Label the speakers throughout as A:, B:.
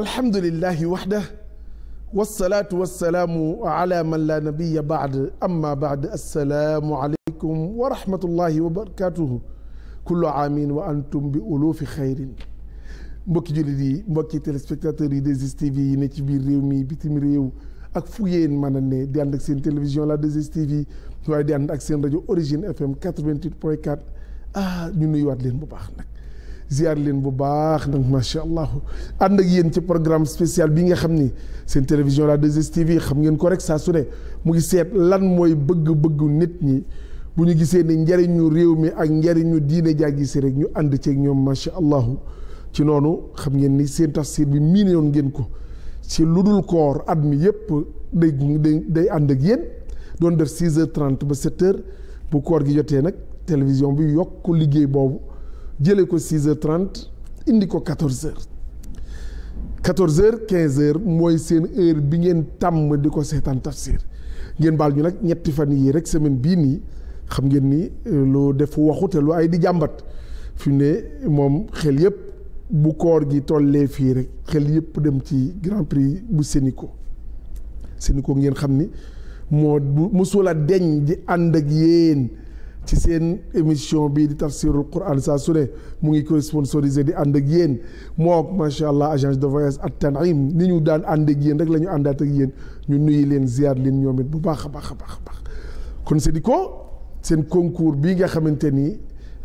A: alhamdulillahi waxda wasalaatu wasalaamu ala man la nabiya baad amma baad assalaamu aleykum wa rahmatullahi wa barakatuhu kullu aamin wa antum bi uluufi xayrin mbokki jullit yi mbokki téléspectateurs yi 2STV yi ne ci biir réew mi bitim réew ak fu yéen mën a ne di ànd ak seen télévision la 2STV waaye di ànd ak seen rajo origine fm 88 point 4 ah ñu nuyuwaat leen bu baax nag ziar leen bu baax nag macha allah ànd ak yéen ci programme spécial bi nga xam ni seen télévision la 2STV xam ngeen ko rek saa su ne mu ngi seet lan mooy bëgg-bëggu nit ñi bu ñu gisee ni njariñu réew mi ak njariñu diine jaa gisee rek ñu ànd ceeg ñoom macha allah ci noonu xam ngeen ni seen tafsir bi miinoon ngeen ko ci lu dul koor at mi yépp day day ànd ak yéen doon def 6 heures ba 7 bu koor gi jotee nag télévision bi yokk liggéey boobu. jëlee ko 6 heures indi ko 14 heures 14 heure 15 heures mooy seen heure bi ngeen tàmm di ko seetaan tafsir ngeen baal ñu nag ñetti fan yii rek semaine bii nii xam ngeen nii euh, lu def waxu te lu ay di jàmbat fi ne moom xel yëpp bu koor gi tollee fii rek xel yëpp dem ci grand prix bu ko Sénico ko ngeen xam ni moo bu musul a deñ di ànd ak yéen. ci seen émission bii di tafsirul quran saa su ne mu ngi koy sponsorisé di ànd ak yéen moo macha allah agence de voyage at tanim ni ñu daan ànd ak yéen rek la ñu àndaat ak yéen ñu nuyu leen ziar leen ñoomit bu baax a baax a baax baax kon c'est di ko seen concours bii nga xamante ni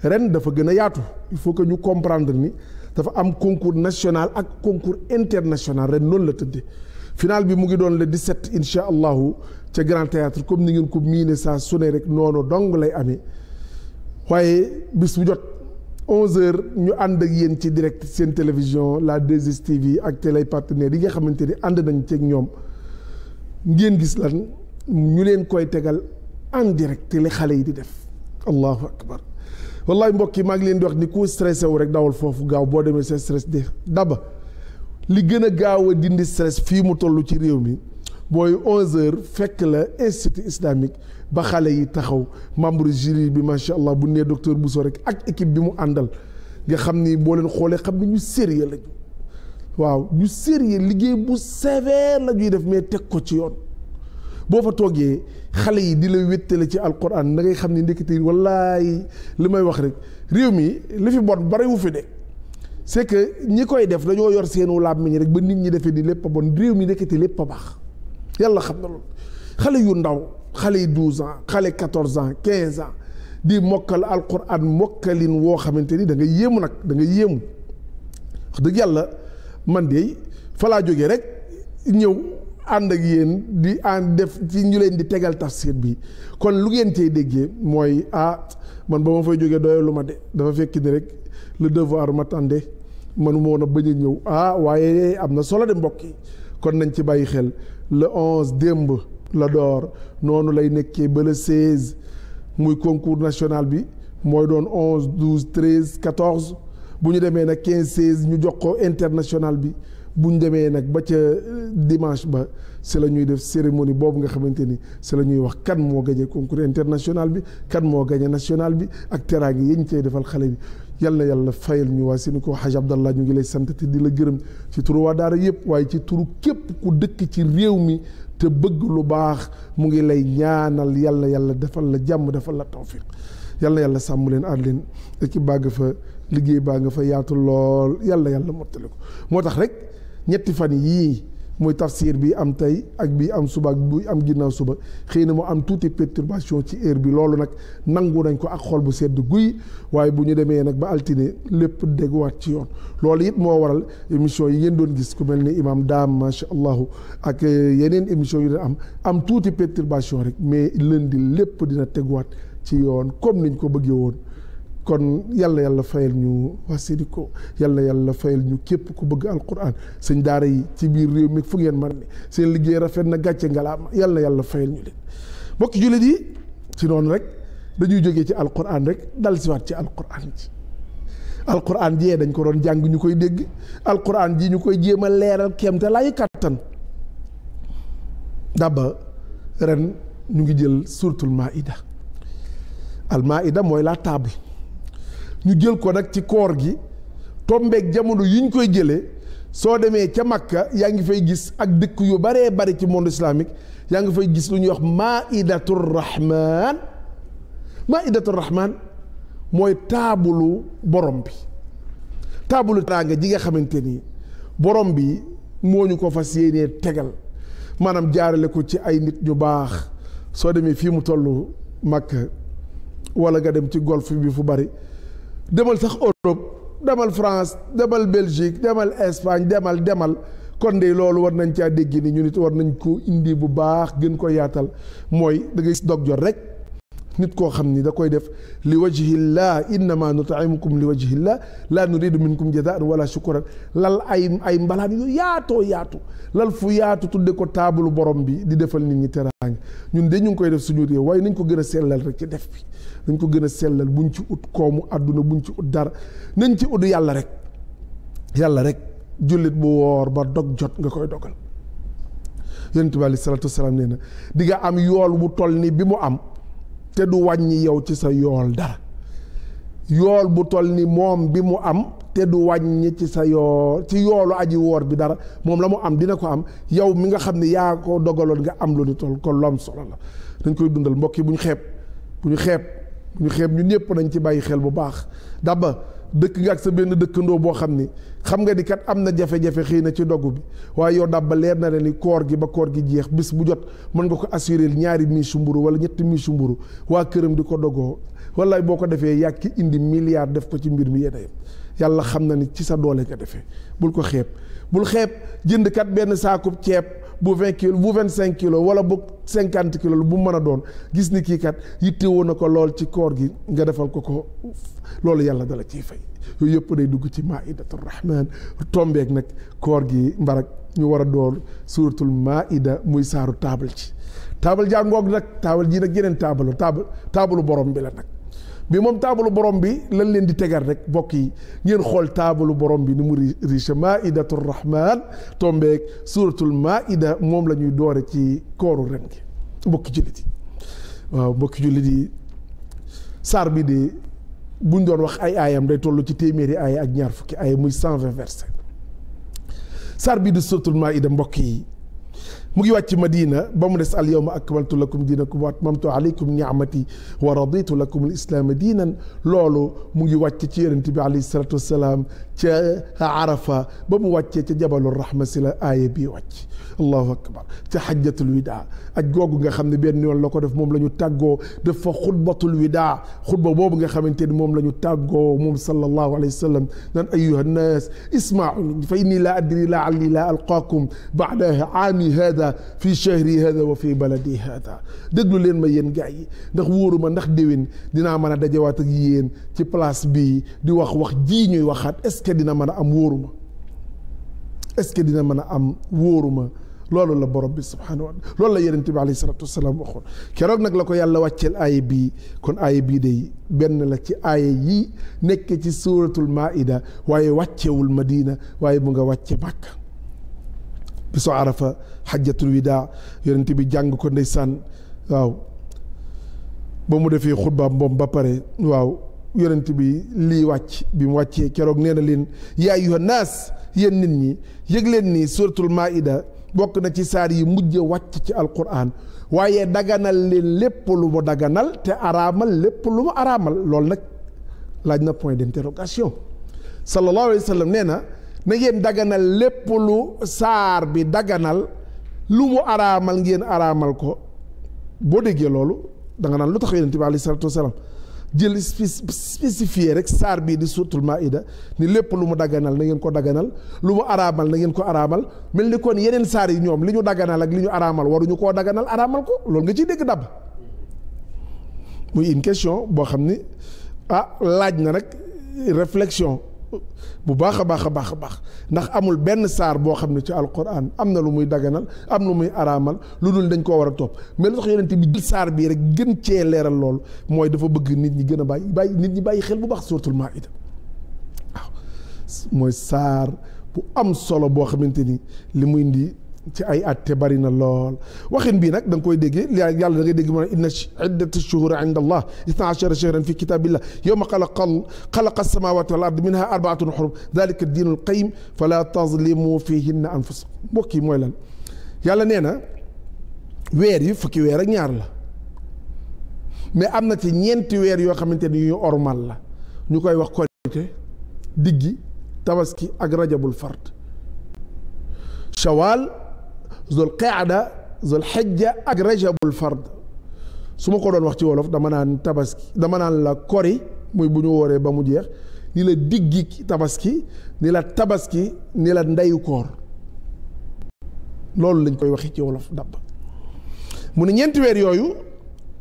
A: ren dafa gën a yaatu il faut que ñu comprendre ni dafa am concours national ak concours international ren noonu la tëddee final bi mu ngi doon le 17 incha allahu ca grand théâtre comme ni ngeen ko miine saa sune ne rek noonu dong lay ame waaye bis bu jot 11h ñu ànd ak yéen ci direct seen télévision la 2STV ak lay partenaires yi nga xamante ni ànd nañ ceeg ñoom ngeen gis lan ñu leen koy tegal en direct li xale yi di def allahu akbar wallahi mbokk yi maa ngi leen di wax ni ku stressé wu rek dawul foofu gaaw boo demee sa stress de daba li gën a gaaw a dindi stress fii mu toll ci réew mi booy 11h fekk la institut islamique ba xale yi taxaw membre jury bi macha allah bu nee docteur Bousso rek ak équipe bi mu àndal nga xam ni boo leen xoolee xam ni ñu sérieux lañu waaw ñu sérieux liggéey bu sévère la ñuy def mais teg ko ci yoon boo fa toogee xale yi di la wéttale ci alquran da ngay xam ni ndekete wallaay li may wax rek réew mi li fi bon bariwu fi de c'est que ñi koy def dañoo yor seenu làmmiñ rek ba nit ñi defee ni lépp a bon réew mi ndekete lépp a yàlla xam na loolu xale yu ndaw xale yi douze ans xale quatorze ans quinze ans di mokkal alquran mokkalin woo xamante ni da nga yéemu nag da nga yéemu wax dëgg yàlla man de falaa jógee rek ñëw ànd ak yéen di ànd def ci ñu leen di tegal tax tafsir bi kon lu ngeen tey déggee mooy ah man ba ma fay jógee lu ma de dafa fekk ni rek lu devoir m'attendait man moo na bañ a ñëw ah waaye am na solo de mbokk yi kon nañ ci bàyyi xel le onze démb la door noonu lay nekkee ba le seize muy concours nationale bi mooy doon onze douze treize quatorze bu ñu demee nag quinze seize ñu jox ko internationale bi bu ñu demee nag ba ca euh, dimanche ba si la ñuy def cérémonie boobu nga xamante ni si la ñuy wax kan moo gagné concours international bi kan moo gagné national bi ak teraange yi ñu cay defal xale bi yal na yàlla fayal ñu waa Sénégal Hadj Abdallah ñu ngi lay sant te di la gërëm ci turu waa daara yëpp waaye ci turu képp ku dëkk ci réew mi te bëgg lu baax mu ngi lay ñaanal yal yàlla defal la jàmm defal la tawfiq yàlla yàlla sàmm leen aar leen équipe baa nga fa liggéey baa nga fa yaatu lool yàlla yàlla mottali ko moo tax rek. ñetti fan yii muy tafsir bi am tey ak bi am suba ak bi am ginnaaw suba xëy na mu am tuuti perturbation ci heure bi loolu nag nangu nañ ko ak xol bu sedd guy waaye bu ñu demee nag ba altine lépp dégguwaat ci yoon loolu it moo waral émission yi ngeen doon gis ku mel ni imaam daam macha allahu ak euh, yeneen émission yu doon am am tuuti perturbation rek mais di lépp dina teguwaat ci yoon comme niñ ko bëggee woon kon yàlla yàlla fayal ñu wasidiko yàlla yàlla fayal ñu képp ku bëgg alquran sëñ daara yi ci biir réew mi fu ngeen mën ne seen liggéey rafet na gàcce ngalaama yàlla yàlla fayal ñu leen mbokk jullit yi ci noonu rek dañuy jógee ci alquran rek dal siwaat ci alquran ji alquran jee dañ ko doon jàng ñu koy dégg alquran ji ñu koy jéem a leeral kéem te lay kàttan daba ren ñu ngi jël suratul maida al maida mooy la table ñu jël ko nag ci koor gi tombeeg jamono yi ñu koy jëlee soo demee ca Makka yaa ngi fay gis ak dëkk yu baree bari ci monde islamique yaa ngi fay gis lu ñuy wax maidatur rahman maidatur rahman mooy taabulu borom bi taabulu teraanga ji nga xamante ni borom bi moo ñu ko fa yéenee tegal maanaam jaarale ko ci ay nit ñu baax soo demee fii mu toll Makka wala nga dem ci golf bi fu bari demal sax Europe demal France demal Belgique demal Espagne demal demal kon de loolu war nañ caa dégg ni ñu nit war nañ ko indi bu baax gën ko yaatal mooy da ngay rek nit koo xam ni da koy def li wajhillah innama nut'imukum li wajhillah la nuridu minkum jazaan wala shukuran lal ay ay mbalaan yu yaatoo yaatu lal fu yaatu tudde ko taabulu borom bi di defal nit ñi teraanga ñun de ñu ngi koy def suñu réew waaye nañ ko gën a sellal rek ci def bi nañ ko gën a sellal buñ ci ut koomu àdduna buñ ci ut dara nañ ci ut yàlla rek yàlla rek jullit bu woor ba dog jot nga koy dogal yonent bi alayhi salaatu wasalaam nee di nga am yool bu toll ni bi mu am te du wàññi yow ci sa yool dara yool bu toll ni moom bi mu am te du wàññi ci sa yool ci yoolu aji woor bi dara moom la mu am dina ko am yow mi nga xam ne yaa ko dogaloon nga am lu ni toll kon solo la dañ koy dundal mbokk yi bu ñu xeeb bu ñu xeeb ñu xeeb ñu ñëpp nañ ci bàyyi xel bu baax daba dëkk nga ak sa benn dëkkandoo boo xam ni xam nga di kat am na jafe-jafe xëy na ci dogu bi waaye yow daba leer na leen ni koor gi ba koor gi jeex bis bu jot mën nga ko assuré ñaari miisu mburu wala ñetti miisu mburu waa këram di ko dogoo wallaay boo ko defee yàkki indi milliard def ko ci mbir mi yéen yàlla xam na ni ci sa doole nga defe bul ko xeeb bul xeeb jënd kat benn saakub ceeb. bu vingt kilo bu vingt cinq kilo wala bu cinquante kilo bu mën a doon gis ni kii kat yitte woon na ko lool ci koor gi nga defal ko ko loolu yàlla dala ciy fay yooyu yëpp day dugg ci maidatu rahman tombeek nag koor gi mbarak ñu war a door suratul maida muy saaru taabal ci taabal jaa ngoog nag taabal jii nag geneen taabalu taabal taabalu borom bi la nag bi moom taabalu borom bi lan leen di tegal rek bokk yi ngeen xool taabalu borom bi ni mu riche maidatu rahman tombeeg suratul maida moom lañuy doore ci kooru ren gi bokki jullit yi waaw bokki jullit yi saar bi de buñ doon wax ay aayam day toll ci téeméeri aaya ak ñaar fukki aaya muy cent vingt verset saar bi di suratul maida mbokk yi mu ngi wàcc Madina ba mu des al yawma akmaltu lakum diinakum wa atmamtu alaykum ni'mati wa raditu lakum al islaama diinan loolu mu ngi wàcc ci yonent bi alayhi salaatu wa salaam ca arafa ba mu wàccee ca jabalul rahma si la aaya bi wàcc allahu akbar ca xajjatul widaa aj googu nga xam ne benn yoon la ko def moom la ñu tàggoo def fa xutbatul widaa xutba boobu nga xamante ni moom la ñu tàggoo moom sallallahu alayhi wa sallam naan ayuha nnaas ismaau fa inni laa adri laalli laa alqaakum baada aami hada fi shahri hada wa fi baladi hada déglu leen ma yéen gay yi ndax wóoru ma ndax déwén dinaa mën a dajawaat ak yéen ci place bi di wax wax jii ñuy waxaat dina mën a am wóoruma est-ce que dina mën a am wóoruma loolu la borom bi subhanahu wa loolu la yonent bi alayhi salatu wasalaam waxoon keroog nag la ko yàlla wàcceel aaya bii kon aaya bii day benn la ci aaya yi nekk ci suuratul maida waaye wàccewul madina waaye bu nga wàcce Makka bisu arafa xajjatul widaa yonent bi jàng ko ndeysaan waaw ba mu defee xutbaam moom ba pare waaw yonent bi lii wàcc bi mu wàccee keroog nee na leen yaa ayyuhan naas yéen nit ñi yëg leen ni suratul maida bokk na ci saar yi mujj wàcc ci alquran waaye daganal leen lépp lu mu daganal te araamal lépp lu mu araamal loolu nag laaj na point d'interrogation sallallahu alayhi wa sallam nee na na ngeen daganal lépp lu saar bi daganal lu mu araamal ngeen araamal ko boo déggee loolu danga naan lu tax yonent bi alayhi salatu wasalaam jël spécifié rek saar bii di suuratul maida ni lépp lu mu dagganal na ngeen ko dagganal lu mu araamal na ngeen ko araamal mel ni kon yeneen saar yi ñoom li ñu dagganal ak li ñu araamal waruñu koo daganal araamal ko loolu nga ciy dégg dab muy une question boo xam ni ah laaj na rek reflexion bu baax a baax a baax a baax ndax amul benn saar boo xam ne ci alquran am na lu muy daganal am lu muy araamal lu dul dañ koo war a topp mais lu tax yonent bi jël saar bii rek gën cee leeral lool mooy dafa bëgg nit ñi gën a bàyyi bàyyi nit ñi bàyyi xel bu baax suuratul maa'ida waaw mooy saar bu am solo boo xamante ni li muy indi ci ay atte bari na lool waxin bii nag da nga koy déggee yàlla da ngay dégg mu ne inna iddata shuhuri inda allah isna achara shahran fi kitabillah yowma xalaqa xalaqa alsamawati wal ard minha arbaatun xurum dalika diinu alqayim fala tazlimu fihinna anfusakum mbokk yi mooy lan yàlla nee na weer yi fukki weer ak ñaar la mais am na ci ñeenti weer yoo xamante ni yu ormal la ñu koy wax korite diggi tabaski ak rajabul fard shawal zul qaada zul xijja ak rajabul fard su ma ko doon wax ci wolof dama naan tabaski dama naan la kori muy bu ñu wooree ba mu jeex ni la diggi tabaski ni la tabaski ni la ndeyu koor loolu lañ koy waxi ci wolof dàbb mu ne ñeenti weer yooyu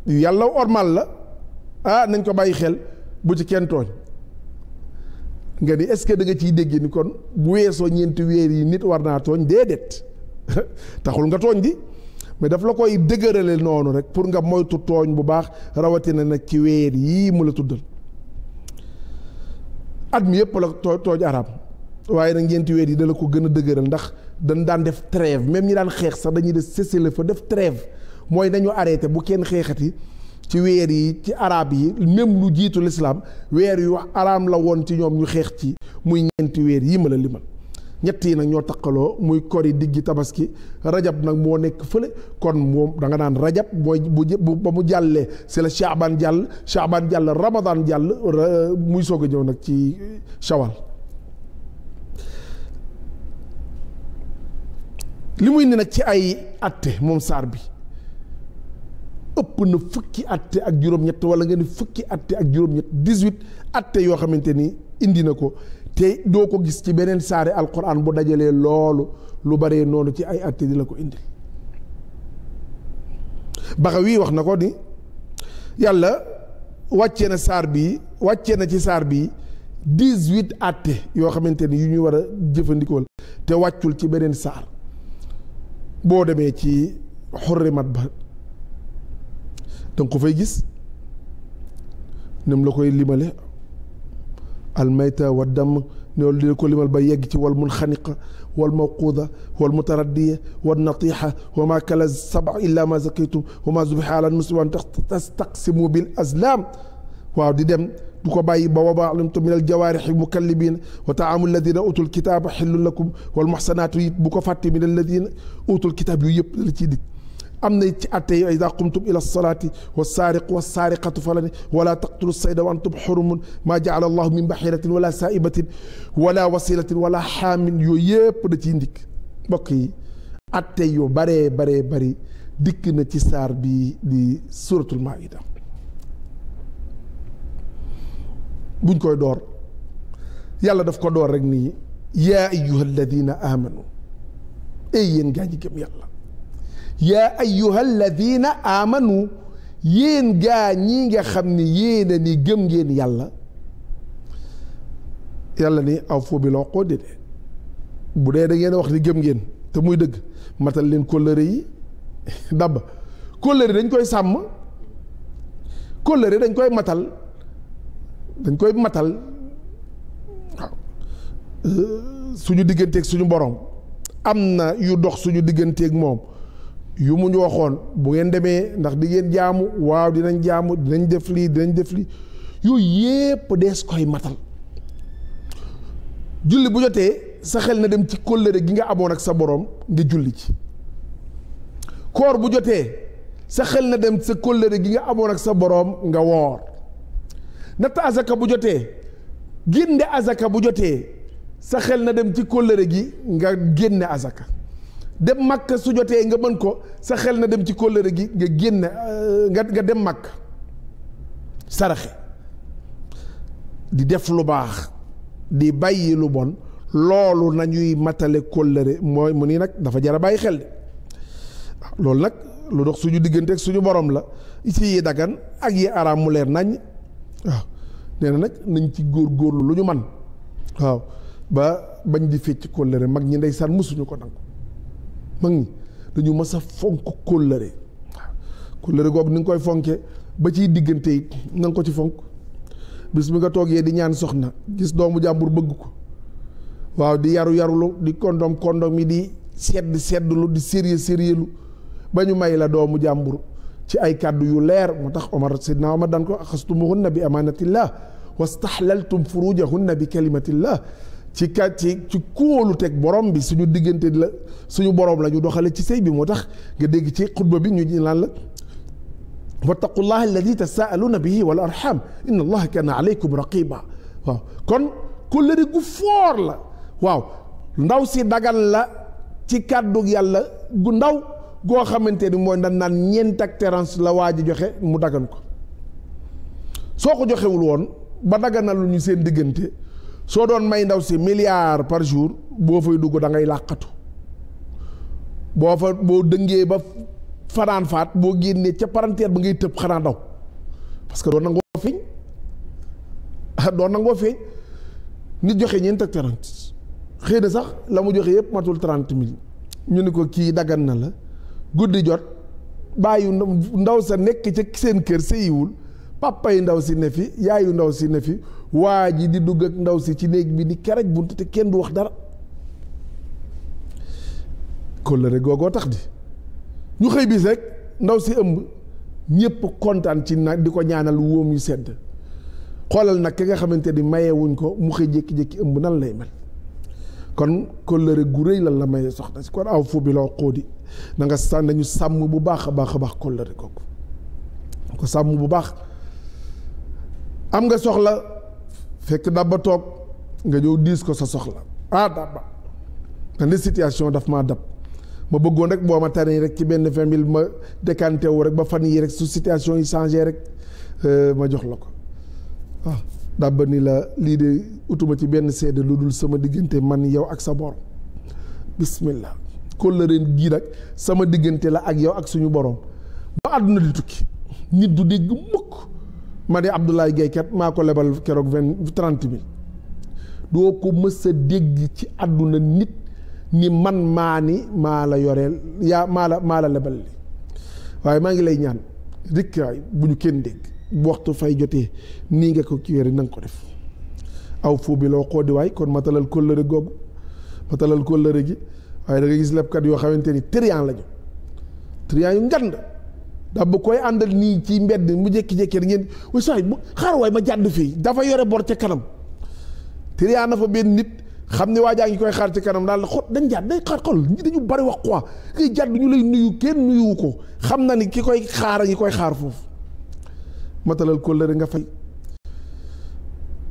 A: yàlla ormal la ah nañ ko bàyyi xel bu ci kenn tooñ nga ni est-ce que da nga ciy dégg ni kon bu weesoo ñeenti weer yi nit war naa tooñ déedéet taxul nga tooñ di mais daf la koy dëgërale noonu rek pour nga moytu tooñ bu baax rawatina nag ci weer yii mu la tuddal at mi yëpp la too tooñ araam waaye nag ñeenti weer yi dala ko gën a dëgëral ndax dañ daan def trêve même ñi daan xeex sax dañuy def cessez le def trêve mooy nañu arrêté bu kenn xeexati ci weer yi ci araab yi même lu jiitu lislaam weer yu araam la woon ci ñoom ñu xeex ci muy ñeenti weer yi ma la limal ñett yi nag ñoo taqaloo muy kori diggi tabaski rajab nag moo nekk fële kon moom danga nga naan rajab mooy bu ba mu jàllee c'est la chaabaan jàll chaabaan jàll ramadan jàll muy soog a ñëw nag ci shawal li muy ni nag ci ay atte moom saar bi ëpp na fukki atte ak juróom-ñett wala nga ni fukki atte ak juróom-ñett dix-huit atte yoo xamante ni indi na ko te doo ko gis ci beneen saare alquran bu dajalee loolu lu baree noonu ci ay atte di la ko indi baxa wii wax na ko ni yàlla wàcce na saar bii wàcce na ci saar bii dix-huit atte yoo xamante ni yu ñuy war a jëfandikool te wàccul ci beneen saar boo demee ci xurrimat ba danga ko fay gis nem la koy limale almayta wa dam loolu dina ko limal ba yegg ci wal munxaniqa wal mawquuda wal mutaraddiya wal natiixa wa maa kala saba illa ma zakaytum wa ma zubixa ala nusbi an tastaqsimu bil azlam waaw di dem du ko bàyyi ba wama alimtum min aljawaarixi mukallibina wa taamu alladina utul kitaaba xillun lakum wal muxsanaatu it bu ko fàtte min alladina utul kitaab yooyu yëpp la ciy dig am na it ci atte yi wa ida qumtum ila lsalaati wa saariqu wa saariqatu fala ne wala taqtulu sayda wa antum xurumun maa jaala allahu min bahiratin wala saaibatin wala wasilatin wala xaamin yooyu yépp da ciy ndikk mbokk yi atte yu baree baree bari dikk na ci saar bi di suratul maida buñ koy door yàlla daf ko door rek nii yaa ayuha alladina amanu ay yéen gaa ñi gëm yàlla yaa ayyuha alladina amanu yéen gaa ñii nga xam ni yéen a ni gëm ngeen yàlla yàlla ni aw foo wax koo de bu dee da ngeen wax ni gëm ngeen te muy dëgg matal leen kóllëre yi dab kóllëre dañ koy sàmm kóllëre dañ koy matal dañ koy matal waaw euh, suñu digganteeg suñu boroom am na yu dox suñu digganteek moom yu mu ñu waxoon bu ngeen demee ndax di ngeen jaamu waaw dinañ jaamu dinañ def lii dinañ def lii yooyu yépp dees koy matal julli bu jotee sa xel na dem ci kóllëre gi nga amoon ak sa boroom nga julli ci koor bu jotee sa xel na dem sa kóllëre gi nga amoon ak sa boroom nga woor natt azaka bu jotee génne azaka bu jotee sa xel na dem ci kóllëre gi nga génne azaka dem màkk su jotee nga mën ko sa xel na dem ci kóllëre gi nga génn euh, nga nga dem màkk saraxe di def lu baax di bàyyi lu bon loolu nañuy matale kóllëre mooy mu nii nag dafa jar a bàyyi xel de loolu nag lu dox suñu diggante ak suñu boroom la ci yi dagan ak yi araam mu nañ waaw nee na nag nañ ci góor góorlu lu ñu man waaw ba bañ di fecc kóllëre mag ñi sar musuñu ko nangu mag ñi dañu mas a fonk kóllëre kóllëre googu ni nga koy fonkee ba ciy diggante it na ko ci fonk bis bi nga toogee di ñaan soxna gis doomu jàmbur bëgg ko waaw di yaru yarulu di kondom kondom yi di sedd seddlu di sérieux sérieux ba ñu may la doomu jàmbur ci ay kàddu yu leer moo tax Omar Seydina Omar daan ko axastumuhunna bi amaanatillah wastaxlaltum furujahunna bi kalimatillah ci ka ci ci kóolu borom bi suñu diggante la suñu borom la ñu doxalee ci sëy bi moo tax nga dégg ci xutba bi ñu ñu lan la wattaqullaha alladi tasaaluuna bihi wal arham inna allaha kaana alaykum raqiba waaw kon kóllëre gu foor la waaw ndaw si dagan la ci kàddu yàlla gu ndaw goo xamante ni mooy ndan naan ñeent ak terence la waa ji joxe mu dagan ko soo ko joxewul woon ba dagana lu ñu seen diggante soo doon may ndaw si milliard par jour boo fay dugg da ngay làqatu boo fa boo dëngee ba fanaan faat boo génnee ca paranteer ba ngay tëb xanaa daw parce que doon nangoo feeñ doon nangoo feeñ nit joxe ñeent ak trente xëy na sax la mu joxe yëpp matul trente mill ñu ni ko kii daggan na la guddi jot bàyyi ndaw sa nekk ca seen kër séyiwul papa yi ndaw si ne fi yaayu ndaw si ne fi waa ji di dugg ak ndaw si ci néeg bi ni keraj bunt te kenn du wax dara kóllëre googoo tax di ñu xëy bis rek ndaw si ëmb ñëpp kontaan ci nag di ko ñaanal sedd xoolal nag ki nga xamante ni mayewuñ ko mu jékki-jékki ëmb nan lay mel kon kóllëre gu rëy lan la maye soxna si aw fu bi loo xóodi sàmm bu baax a baax a baax kóllëre googu ko sàmm bu baax am nga soxla fekk dabba toog nga ñëw diis ko sa soxla ah dabba man de situation daf maa dab ma bëggoon rek boo ma tane rek ci benn vingt mille ma décanté rek ba fan yii rek su situation yi changé rek euh, ma jox la ko ah ni la lii de utuma ci benn sedd lu dul sama diggante man yow ak sa borom bismillah kóllëreen gii nag sama diggante la ak yow ak suñu boroom ba àdduna di tukki nit du dégg mukk ma di Abdoulaye Gueye maa ko lebal keroog vingt trente mille doo ko mës a dégg ci àdduna nit ni man maa ni maa la yoreel yaa maa la maa la lebal li waaye maa ngi lay ñaan rikkaay bu ñu kenn dégg bu waxtu fay jotee nii nga ko ci wéri na ko def aw fuu bi loo xoodi waay kon matalal kóllëre googu matalal kóllëre gi waaye da nga gis lebkat yoo xamante ni trian la ñu trian yu ngand da bu koy àndal nii ci mbedd mu jékki-jékki ngeen waaye saa xaar waay ma jàdd fii dafa yore bor ca kanam te yaa na fa benn nit xam ne waa jaa ngi koy xaar ci kanam daal xot dañ jàdd day xol ñi dañu bari wax quoi ngay jàdd ñu lay nuyu kenn nuyuwu ko xam na ni ki koy xaar a ngi koy xaar foofu matalal kóllëre nga fay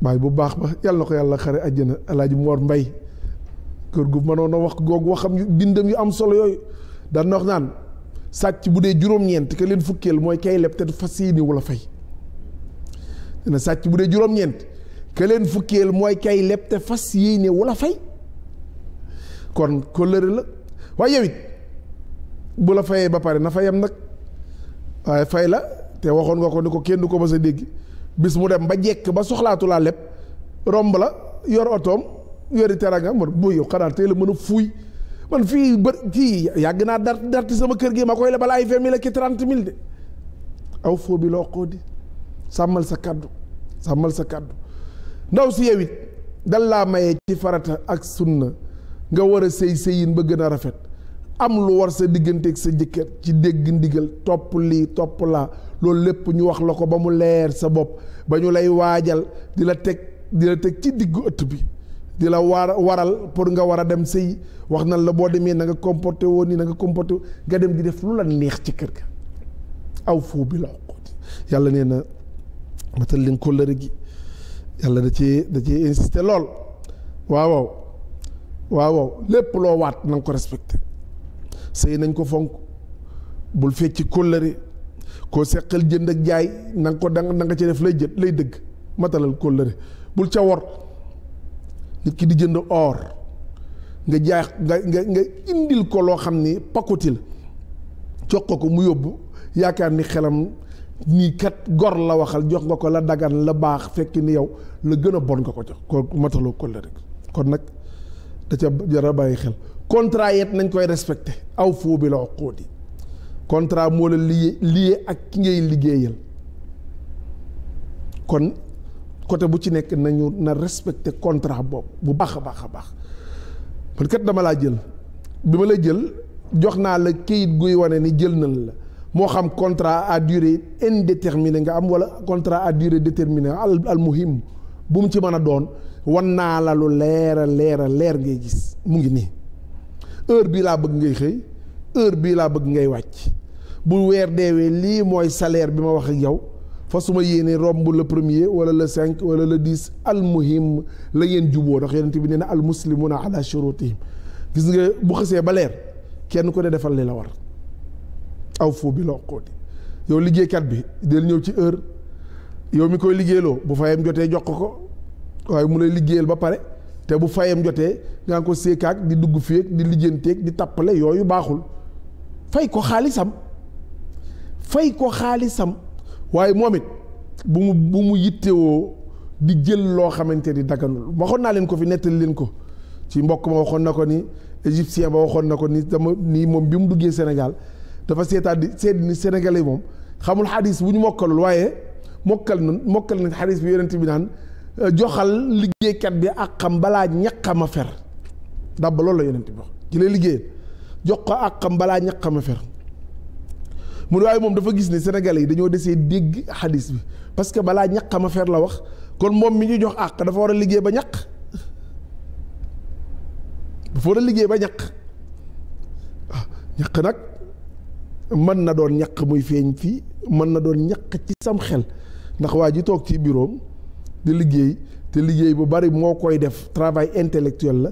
A: baay bu baax ma yàlla na ko yàlla xare àjjana alaaji Mor Mbay kër gu mënoon a wax googu waxam bindam yu am solo yooyu daan na wax naan sàcc bu dee juróom-ñeent ka fukkeel mooy kay leb te fas wu la fay dina sàcc bu dee juróom-ñeent ka fukkeel mooy kay leb te fas yéene wala fay kon kóllëre la waaye yow bu la fayee ba pare na fa yem nag waaye fay la te waxoon nga ko ni ko kenn du ko mës a dégg bis mu dem ba jekk ba soxlaatu laa leb romb la yor otoom yori teranga mo bu yow xanaa tey la mën a fuuy man fii bë kii yàgg naa dart dart sama kër gi ma koy lebal ay vingt mille ak trente mille de aw foo bi loo xoo di sàmmal sa kàddu sàmmal sa kàddu ndaw si yow it dal laa mayee ci farata ak sunna nga war a sëy séyin ba gën a rafet am lu war sa digganteek sa jëkkër ci dégg ndigal topp lii topp laa loolu lépp ñu wax la ko ba mu leer sa bopp ba ñu lay waajal di la teg di la teg ci diggu ëtt bi di la war waral pour nga war a dem sëy wax nan la boo demee na nga comporté woo nii na nga comporté woo nga dem di def lu la neex ci kër ga aw foo bi la yàlla nee na matal leen kóllëre gi yàlla da ci da ci insisté lool waaw waaw waaw waaw lépp loo waat na nga ko respecté sëy nañ ko fonk bul fecci kóllëre koo seqal jënd ak jaay na nga ko da nga ci def lay jët lay dëgg matalal kóllëre bul ca wor nit ki di jënd or nga jaay nga nga nga indil ko loo xam ni pakotil jox ko ko mu yóbbu yaakaar ni xelam nii kat gor la waxal jox nga ko la dagan la baax fekk ni yow la gën a bon nga ko jox ko mataloo ko la rek kon nag da ca jara bàyyi xel contrat yet nañ koy respecté aw foo bi la xóot yi contrat moo la lié lié ak ki ngay liggéeyal kon côté bu ci nekk nañu na respecté contrat boobu bu baax a baax a baax man kat dama laa jël bi ma la jël jox naa la kayit guy wane ni jël nañ la moo xam contrat à durée indéterminée nga am wala contrat à durée déterminée al al muhim bu mu ci mën a doon wan naa lalu leer a leer a leer ngay gis mu ngi nii heure bii laa bëgg ngay xëy heure bii laa bëgg ngay wàcc bu weer deewee lii mooy salaire bi ma wax ak yow fa fasuma yéene romb le premier wala le cinq wala le dix almuhim la ngeen juboo ndax yonent bi nee na almuslimuna ala shurutihim gis nga bu xasee ba leer kenn ku ne defal li la war aw fu bi la uqudi yow liggéeykat bi del ñëw ci heure yow mi koy liggéeyloo bu fayam jotee jox ko waaye mu lay liggéeyal ba pare te bu fayam jotee nga ko seekaak di dugg fii ak di lijjanteeg di tappale yooyu baaxul fay ko xaalisam fay ko xaalisam waaye moom it bu mu bu mu yittewoo di jël loo xamante ni daganul waxoon naa leen ko fi nettali leen ko ci mbokk ma waxoon na ko ni égyptien ba waxoon na ko ni dama nii moom bi mu duggee Sénégal dafa seetaat di seet ni sénégalais moom xamul xadis bu ñu mokkalul waaye mokkal na mokkal na xadis bi yonent bi naan euh, joxal liggéeykat bi ak xam balaa ñaqam a fer dàbb lool la yonent bi wax ci lay liggéeyal jox ko ak xam balaa ñaqam a fer mun waaye moom dafa gis ne sénégalais yi dañoo desee dégg xadis bi parce que balaa ñaq ma fer la wax kon moom mi ñu jox àq dafa war a liggéey ba ñaq dafa liggéey ba ñaq ah, ñaq nag mën na doon ñaq muy feeñ fii mën na doon ñaq ci sam xel ndax waa ji toog ci buroom di liggéey te liggéey bu bari moo koy def travail intellectuel la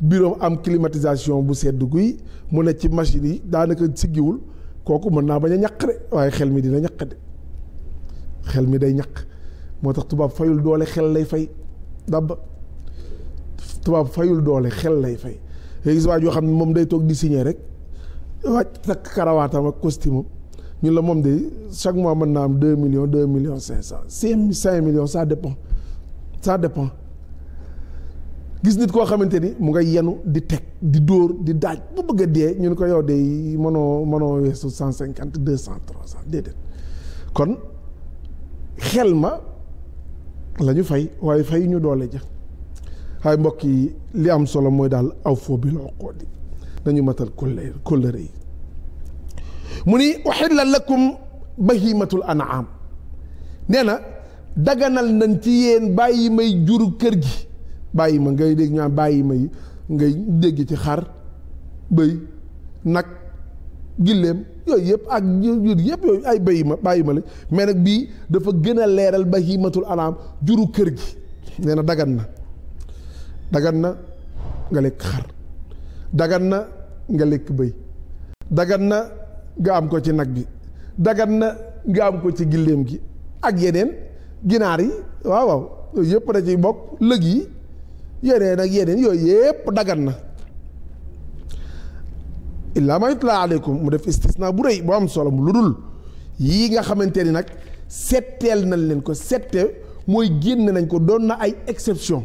A: bureau am climatisation bu sedd guy mu ne ci machine yi daanaka siggiwul kooku mën naa bañ a ñaq de waaye xel mi dina ñaq de xel mi day ñaq moo tax tubaab fayul doole xel lay fay dàbb tubaab fayul doole xel lay fay gis waa joo xam ne moom day toog di signé rek wàcc takk karawaatam ak costume ñu la moom de chaque mois mën naa am deux millions deux millions cinq cent cinq millions ça dépend ça dépend gis nit koo xamante ni mu nga yenu di teg di dóor di daaj bu bëgg dee ñu ni ko yow de mënoo mënoo weesu cent cinquante deux cent déedéet kon xel ma la fay waaye fay ñu doole ja waaye mbokk yi li am solo mooy daal aw foo bi la waxoo di nañu matal kóllëre kóllëre yi mu ni uhilla lakum bahimatul anaam nee na daganal nañ ci yéen bàyyi may juru kër gi bàyyi ma ngay dégg ñu bàyyi ma ngay dégg ci xar bëy nag gilleem yooyu yëpp ak jur yëpp yooyu ay bëyi ma bàyyi ma la mais nag bii dafa gën a leeral bahimatul anaam juru kër gi nee na na dagan na nga lekk xar dagan na nga lekk bëy dagan na nga am ko ci nag bi dagan na nga am ko ci gilleem gi ak yeneen ginaar yi waaw waaw yooyu yëpp da ciy bokk lëg yi yeneen ak yeneen yooyu yépp dagan na illaa ma yutla mu def naa bu rëy moo am solo mu lu dul yii nga xamante ni nag setteel na leen ko sette mooy génn nañ ko doon na ay exception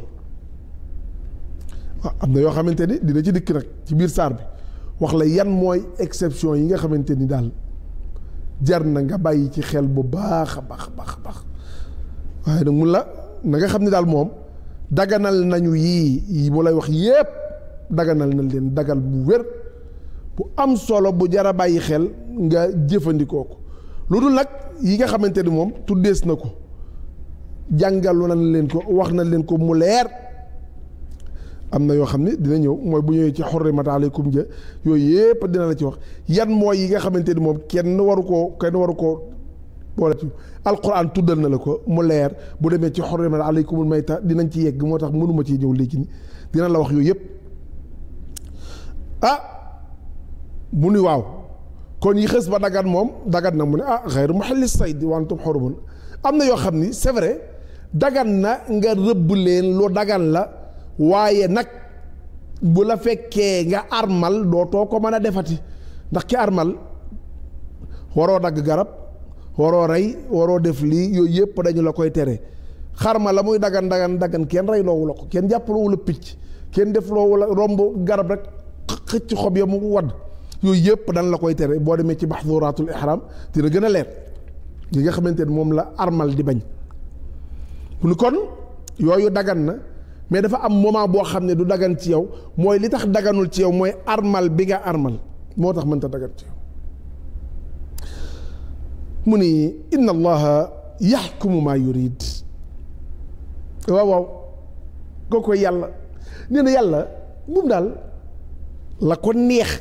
A: waaw ah, am na yoo xamante ni dina ci dikk nag ci biir saar bi wax la yan mooy exception yi nga xamante ni daal jar na nga bàyyi ci xel bu baax a baax baax baax waaye nag mun la na nga xam ne daal moom daganal nañu yii bu lay wax yépp daganal na leen dagal bu wér bu am solo bu jar a bàyyi xel nga jëfandikoo ko lu dul nag yi nga xamante ni moom tuddees na ko jàngalu nañ leen ko wax na leen ko mu leer am na yoo xam ne dina ñëw mooy bu ñëwee ci xurrimat aleykum ja yooyu yépp dina la ci wax yan mooy yi nga xamante ni moom kenn waru koo kenn waru ko boole ci alquran tuddal na la ko mu leer bu demee ci xorrimat aleykumul mayta dinañ ci yegg moo tax mënuma ci ñëw léegi ni dina la wax yooyu yëpp ah mu ni waaw kon yi ba dagat moom dagat na mu ne ah xeyru muhalli sayd wa antum xurumun am na yoo xam ni c'est vrai na nga rëbb leen lu dagan la waaye nag bu la fekkee nga armal dootoo ko mën a defati ndax ki armal waroo dagg garab waroo rey waroo def lii yooyu yëpp dañu la koy tere xar ma la muy dagan dagan dagan kenn rey loowu la ko kenn jàppaloowu la picc kenn def loowu la romb garab rek xëcc xob ya mu wadd yooyu yëpp dañ la koy tere boo demee ci maxduratul ihram dina gën a leer yi nga xamante ne moom la armal di bañ mu ni kon yooyu dagan na mais dafa am moment boo xam ne du dagan ci yow mooy li tax daganul ci yow mooy armal bi nga armal moo tax mënta dagan ci yow mu ni inna allaha yaxkumu maa yurid waaw waaw kooku yàlla nee na yàlla moom daal la ko neex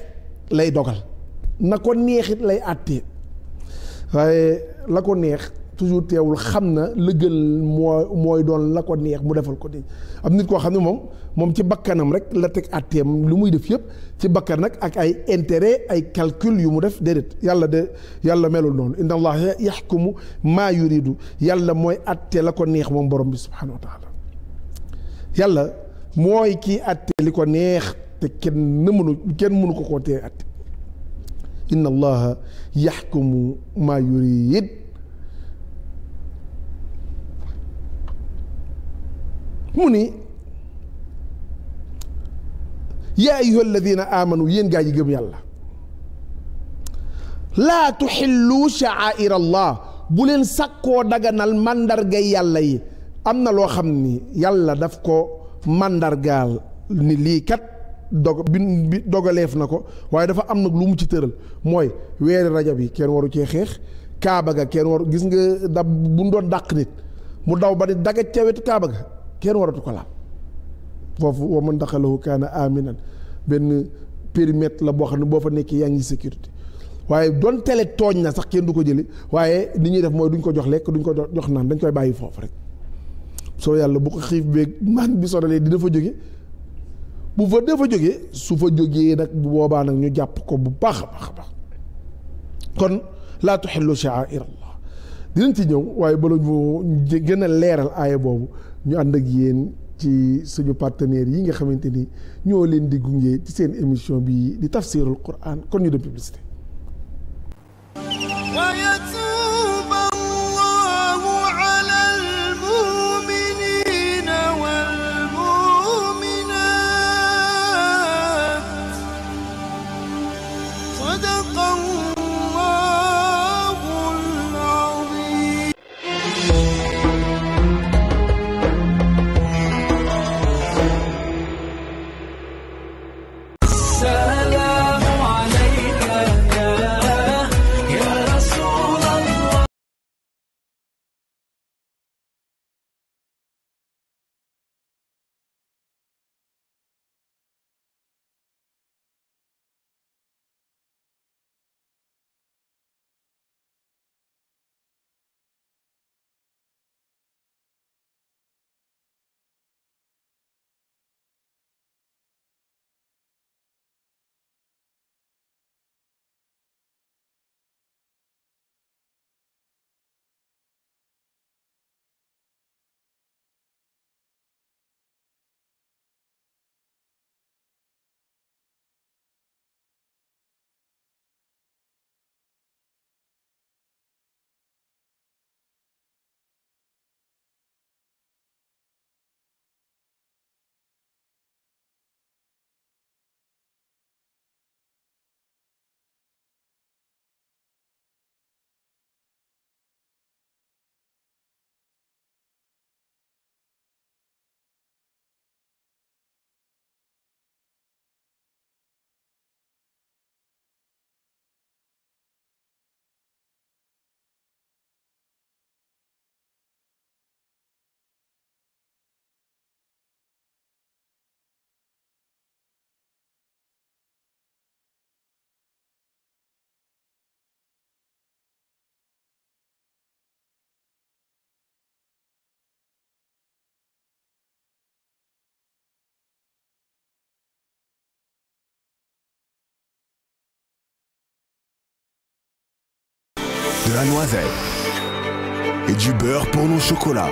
A: lay dogal na ko neexit lay àttee waaye la ko neex toujours teewul xam na lëgël moo mooy doon la ko neex mu defal ko nii am nit koo xam ne moom moom ci bakkanam rek la teg àtteem lu muy def yëpp ci bakkan nag ak ay intérêt ay calcul yu mu def déedéet yàlla de yàlla melul noonu inna allah yaxkumu maa yuridu yàlla mooy àtte la ko neex moom borom bi subhanahu wa taala yàlla mooy kii àtte li ko neex te kenn mënu kenn mënu ko koo tee àtte inna allah yaxkumu maa yurid mu ni yaa ayyuha alladina amanu yéen gaa yi gém yàlla laatu tuxillu sha'aa'ira allah bu leen sakkoo daganal màndargay yàlla yi am na loo xam ni yàlla daf ko màndargaal ni lii kat dog bi dogaleef na ko waaye dafa am nag lu mu ci tëral mooy weeri rajab yi kenn waru cee xeex kaaba ga kenn waru gis nga dab bu doon dàq nit mu daw ba di dagat ca wetu kaaba ga kenn waratu ko laal foofu mën wa man daxalahu kaana aminan benn périmètre la boo xam ne boo fa nekkee yaa ngi sécurité waaye doon tele tooñ na sax kenn du ko jëli waaye li ñuy def mooy duñ ko jox lekk duñ ko jox naan dañ koy bàyyi foofu rek soo yàlla bu ko xiif beeg man bi sonalee dina fa jóge bu fa dafa jógee su fa jógee nag bu boobaa nag ñu jàpp ko bu baax a baax a baax kon laa tuxillu sha'aa'ira allah dinañ ci ñëw waaye bala ñu gën a leeral aaya boobu ñu ànd ak yéen ci suñu partenaires yi nga xamante ni ñoo leen di gunge ci seen émission bi di tafsirul Quran kon ñu dem publicité. de la noisette et du beurre pour nos chocolats.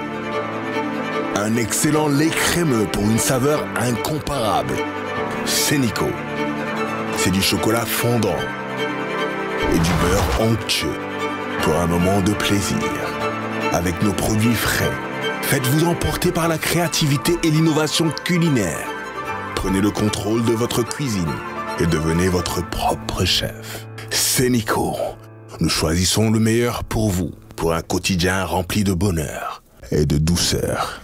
A: Un excellent lait crémeux pour une saveur incomparable. C'est C'est du chocolat fondant et du beurre onctueux pour un moment de plaisir. Avec nos produits frais, faites-vous emporter par la créativité et l'innovation culinaire. Prenez le contrôle de votre cuisine et devenez votre propre chef. nous choisissons le meilleur pour vous, pour un quotidien rempli de bonheur et de douceur.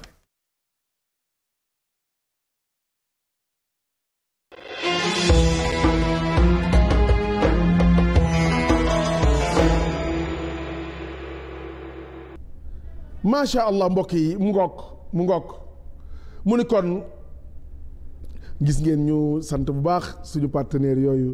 A: macha allah mbokk yi mu ngook mu ngook mu ni kon gis ngeen ñu sant bu baax suñu partenaire yooyu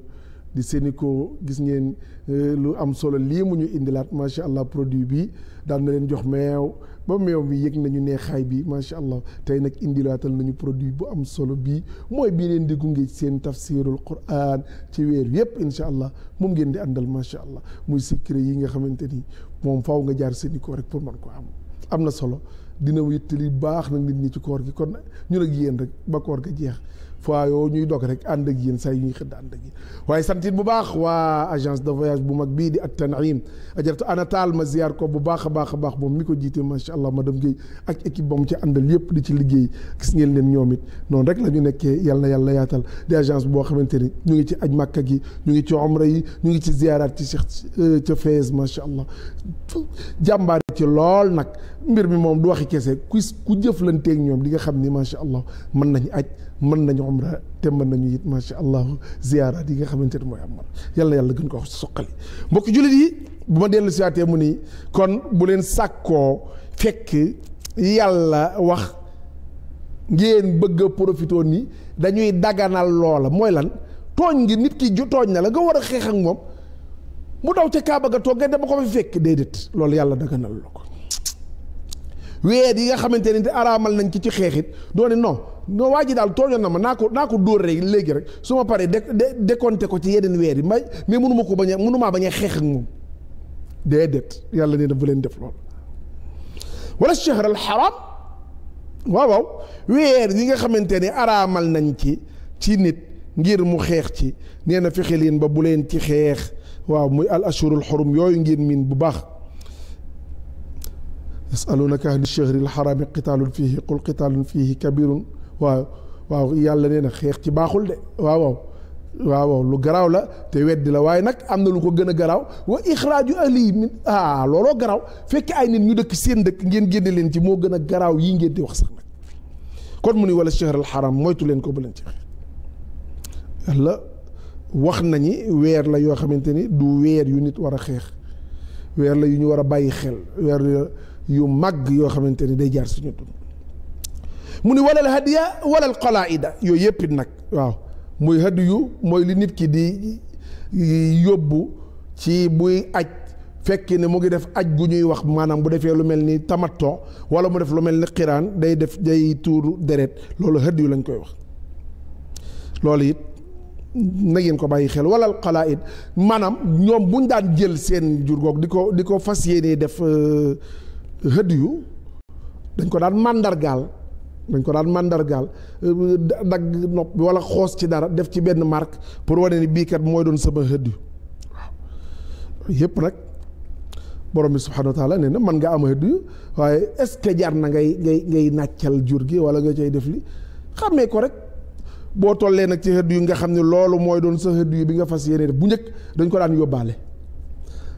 A: di Sénico gis ngeen euh, lu am solo lii mu ñu indilaat macha allah produit bi daan na leen jox meew ba meew mi yëg nañu neexaay bi macha allah tey nag indilaatal nañu produit bu am solo bii mooy bii leen di gunge seen tafsirul quran ci weer yëpp incha allah moom ngeen di àndal macha allah muy secret yi nga xamante ni moom faw nga jaar seeni Sénico rek pour man ko am am na solo dina witt li baax nag nit ñi ci koor gi kon ñu nag yéen rek ba koor jeex fois yoo ñuy dog rek ànd ak yéen saa yi ñuy xëdd ànd ak yéen waaye sant it bu baax waa agence de voyage bu mag bii di at Tan'im ajaratu ana taal ma ziar ko bu baax a baax a baax moom mi ko jiite macha allah madame Guèye ak équipe ba mu ci àndal yëpp di ci liggéey gis ngeen leen ñoom it noonu rek la ñu nekkee yal na yàlla yaatal di agence boo xamante ni ñu ngi ci aj màkka gi ñu ngi ci omra yi ñu ngi ci ziaraat ci Cheikh euh, ca Fès macha allah jàmbaar ci lool nag mbir mi moom du waxi kese ku ku jëflanteeg ñoom di nga xam ni macha allah mën nañu aj mën nañu umra te mën nañu yit macha allah ziyaaraat yi nga xamante ne mooy am man yàlla yàlla gën ko suqali mbokki jullit yi bu ma dellu siwaatee mu nii kon bu leen sàkkoo fekk yàlla wax ngeen bëgg a profitoo ni dañuy daganal loola mooy lan tooñ ngi nit ki tooñ na la nga war a xeex ak moom mu daw ca kaaba ga toog nga dama ko fi fekk déedéet loolu yàlla daganal la ko weer yi nga xamante ne te araamal nañ ci ci xeexit doo ne non non waa ji daal tooñoon na ma naa ko naa ko dóor rek léegi rek su ma paree décompté ko ci yeneen weer yi may mais mënuma ko bañ a mënumaa bañ a xeex ak moom déedéet yàlla nee na bu leen def loolu walla shahr al haram waaw waaw weer yi nga xamante ne araamal nañ ci ci nit ngir mu xeex ci nee na fexe leen ba bu leen ci xeex waaw muy al ashurul xurum yooyu ngeen miin bu baax yasalunaka ahli chahri lxarami qitaalun fiihi qul qitaalun fiihi kabirun waaw waaw yàlla nee na xeex ci baaxul de waaw waaw lu garaaw la te weddi la waaye nag am na lu ko gën a garaaw wa ixraaju ahlihi min ah looloo garaaw fekk ay nit ñu dëkk seen dëkk ngeen génne leen ci moo gën a garaaw yii ngeen di wax sax nag kon mu ni wala chahr al xaram moytu leen ko ba leen ci xeex wax nañi weer la yoo xamante ni du weer yu nit war a xeex weer la yu ñu war a bàyyi xel weer yu màgg yoo xamante ni day jaar suñu tur mu ni walal hadiya xalaa ida yooyu yëpp it nag waaw muy yu mooy li nit ki di yóbbu ci buy aj fekki ne mu ngi def aj gu ñuy wax maanaam bu defee lu mel ni tamaton wala mu def lu mel ni xiraan day def day tuuru deret loolu hadiyu lañ koy wax loolu it na ngeen ko bàyyi xel xalaa id maanaam ñoom buñ daan jël seen jur goog di ko di ko fas yéenee def euh, yu dañ ko daan màndargaal dañ ko daan màndargaal euh, dagg nopp wala xoos ci dara def ci benn marque pour wane ni bii kat mooy doon sama hëdiyu waaw yëpp nag borom bi subhanahu wa taala nee na mën nga am hëdiyu waaye est-ce que jar na ngay ngay ngay nàccal jur gi wala nga cay def li xàmmee ko rek boo tollee nag ci hëdiyu nga xam ne loolu mooy doon sa hëdiyu bi nga fas yéene bu njëkk dañ ko daan yóbbaale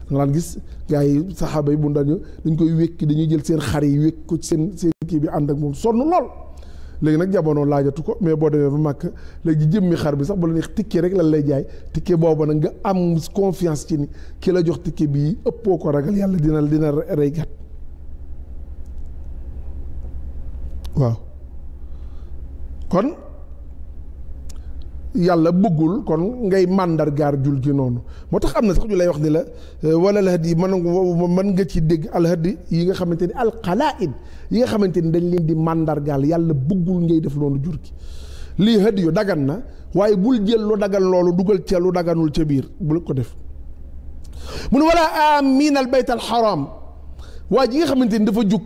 A: nga daan gis gars yi saxaaba yi bu daan ñëw dañ koy wékki dañuy jël seen xar yi wékk ko seen seen kii bi ànd ak moom sonn lool léegi nag jamono laajatu ko mais boo demee ba màkk léegi jëmmi xar bi sax ba la neex tikke rek lan lay jaay tikke boobu nag nga am confiance ci ni la jox tikke bii ëppoo ko ragal yàlla dina dina rey gàtt waaw kon yàlla bëggul kon ngay màndargaar jul gi noonu moo tax am na sax ñu lay wax ni la euh, wala alhad yi mën man nga ci dégg alhad yi nga xamante ni alqalaid yi nga xamante ni dañ leen di màndargaal yàlla bëggul ngay def loolu jur gi lii hëdd yu daggan na waaye bul jël lu dagan loolu dugal ca lu daganul ca biir bul ko def mun wala amiin al bayt al xaram waa ji nga xamante ni dafa jug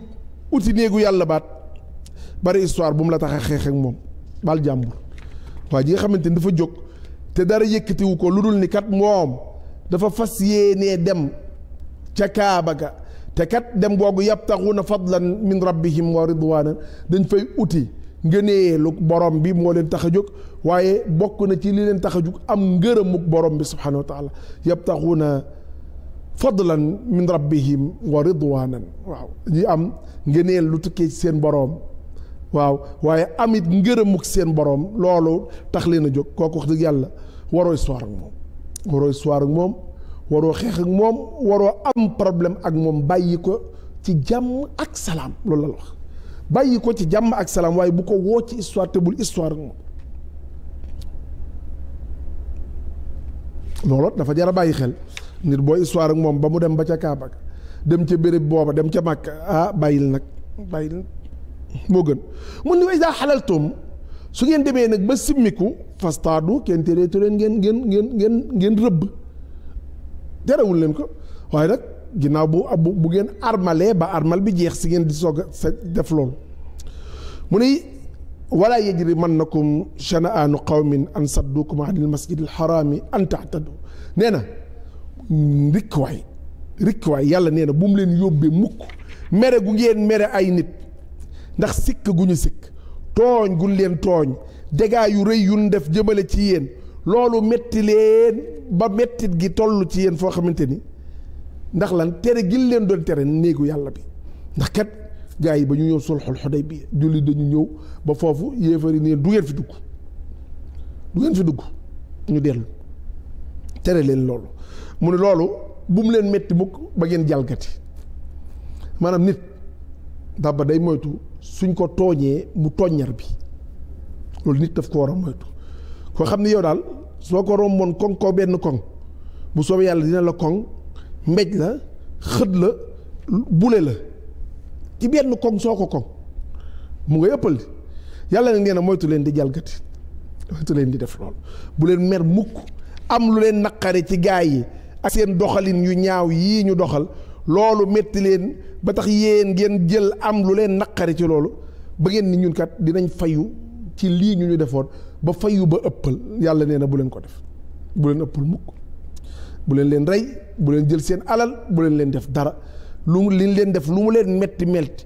A: uti néegu yàlla baat bari histoire bu mu la tax a xeex ak moom bal jàmbur waa ji nga xamante ni dafa jóg te dara yëkkatiwu ko lu dul ni kat moom dafa fas yéenee dem ca Kaaba ga te kat dem googu yabtaxuuna fadlan min rabbihim wa ridwanan dañ fay uti ngëneelu borom bi moo leen tax a jóg waaye bokk na ci li leen tax a jóg am ngërëmuk borom bi subhanahu wa taala yabtaxuuna fadlan min rabbihim wa ridwanan waaw ñi am ngëneel lu tukkee seen borom waaw waaye amit ngërëmuk seen boroom loolu tax leen a jóg kooku wax dëgg yàlla waroo histoire ak moom waroo histoire ak moom waroo am problème ak moom bàyyi ko ci jàmm ak salaam ko ci jàmm ak salaam waaye bu ko woo ci histoire te bul histoire ak moom loolu dafa jara bàyyi xel nit boo histoire ak moom ba mu dem ba ca Kaaba dem ca béréb booba dem ca Makka ah bàyyil nag bàyyil moo gën mun ni way daa xalaltum su ngeen demee nag ba simmiku fastaadu kenn téereetu leen ngeen ngeen ngeen ngeen ngeen rëbb terewul leen ko waaye nag ginnaaw bu bu bu ngeen armalee ba armal bi jeex si ngeen di soog a def loolu mu ne walaa yajrimannakum shana'aanu qawmin an sadduukum anil masjidil haraami an ta'tadu nee na rikk waay yàlla nee na bu mu leen yóbbee mukk mere gu ngeen mere ay nit ndax sikk gu ñu sikk tooñ gu leen tooñ dégâts yu rëy yun def jëmale ci yéen loolu metti leen ba mettit gi toll ci yéen foo xamante ni ndax lan tere gi leen doon tere néegu yàlla bi ndax kat gaa yi ba ñu ñëw sulxul xuday bi julli dañu ñëw ba foofu yéefari neen du ngeen fi dugg du ngeen fi dugg ñu dellu tere leen loolu mu ne loolu bu mu leen metti mukk ba ngeen jalgati maanaam nit dabba day moytu suñ ko tooñee bu tooñar bi loolu nit daf ko koo xam ne yow daal soo ko romboon benn koŋ bu soobee yàlla dina la koŋ mbéj la xët la bule la ci benn koŋ soo ko koŋ mu nga ëppal di yàlla nag nee na moytu leen di jalgati moytu leen di def loolu bu leen mer mukk am lu leen naqari ci gaa yi ak seen doxalin yu ñaaw yii ñu doxal loolu métti leen ba tax yéen ngeen jël am lu leen naqari ci loolu ba ngeen ni ñun kat dinañ fayu ci lii ñu ñu defoon ba fayu ba ëppal yàlla nee na bu leen ko def bu leen ëppal mukk bu leen leen rey bu leen jël seen alal bu leen leen def dara lu mu leen def lu mu leen metti melti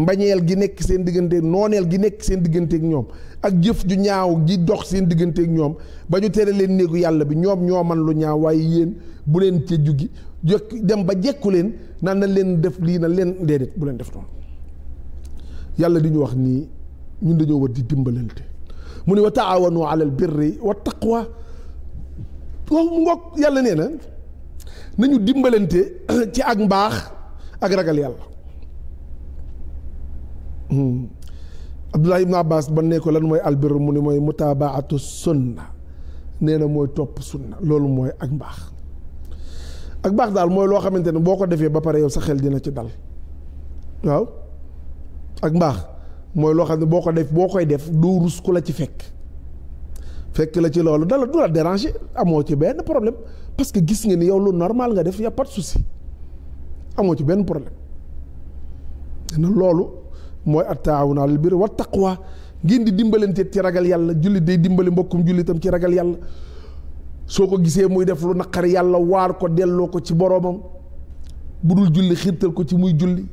A: mbañeel gi nekk seen digganteeg nooneel gi nekk seen digganteeg ñoom ak jëf ju ñaaw gi dox seen ak ñoom ba ñu tere leen néegu yàlla bi ñoom ñoo man lu ñaaw waaye yéen bu leen ci jugi jëkk dem ba jekku leen naan na leen def lii na leen déedéet bu leen def noonu yàlla di ñu wax nii ñun dañoo war di dimbalante mu ne wa taawanu alal birri wa taqwa waaw mu ngoog yàlla nee na nañu dimbalante ci ak mbaax ak ragal yàlla Abdullah ibn Abbas ba ne ko lan mooy albir mu ni mooy mutaabaatu sunna nee na mooy topp sunna loolu mooy ak mbaax ak mbaax daal mooy loo xamante ne boo ko defee ba pare yow sa xel dina ci dal waaw ak mbaax mooy loo xam ne boo ko def boo koy def doo rus ku la ci fekk fekk la ci loolu dala du la déranger amoo ci benn problème parce que gis nga ni yow lu normal nga def y a pas amoo ci benn problème dina loolu mooy attaawun alal birri wa taqwa ngeen di dimbalante ci ragal yàlla jullit day dimbali mbokkum jullitam ci ragal yàlla soo ko gisee muy def lu naqari yàlla waar ko delloo ko ci boroomam bu dul julli xiirtal ko ci muy julli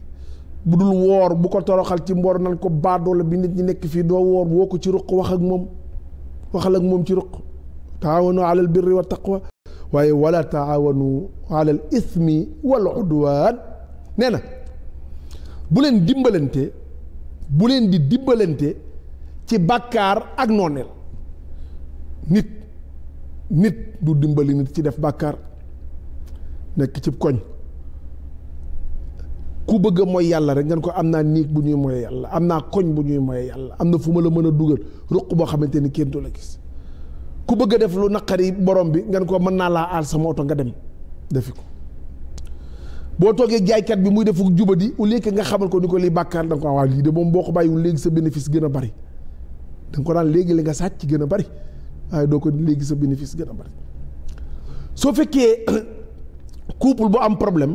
A: bu dul woor bu ko toroxal ci mboor nan ko baadoola bi nit ñi nekk fii doo woor woo ko ci ruq wax ak moom waxal ak moom ci ruq taawanu alal birri wa taqwa waaye wala taawanu alal ismi wal udwaan nee na bu leen dimbalante bu leen di dimbalante ci bàkkaar ak nooneel nit nit du dimbali nit ci def bàkkaar nekk cib koñ ku bëgg a mooy yàlla rek ngeen ko am naa niig bu ñuy mooy yàlla am naa koñ bu ñuy mooy yàlla am na fu ma la mën a dugal ruq boo xamante ni kenn du la gis ku bëgg a def lu naqari borom bi ngeen ko mën naa laa aal sama oto nga dem defi ko boo toogee jaaykat bi muy def jubadi au lieu que nga xamal ko ni ko lii bàkkaar da nga ko waaw lii de moom boo ko bàyyiwul léegi sa bénéfice gën a bari da nga ko daan léegi la nga sàcc gën a bari waaye doo ko léegi sa bénéfice gën a bari soo fekkee couple bu am problème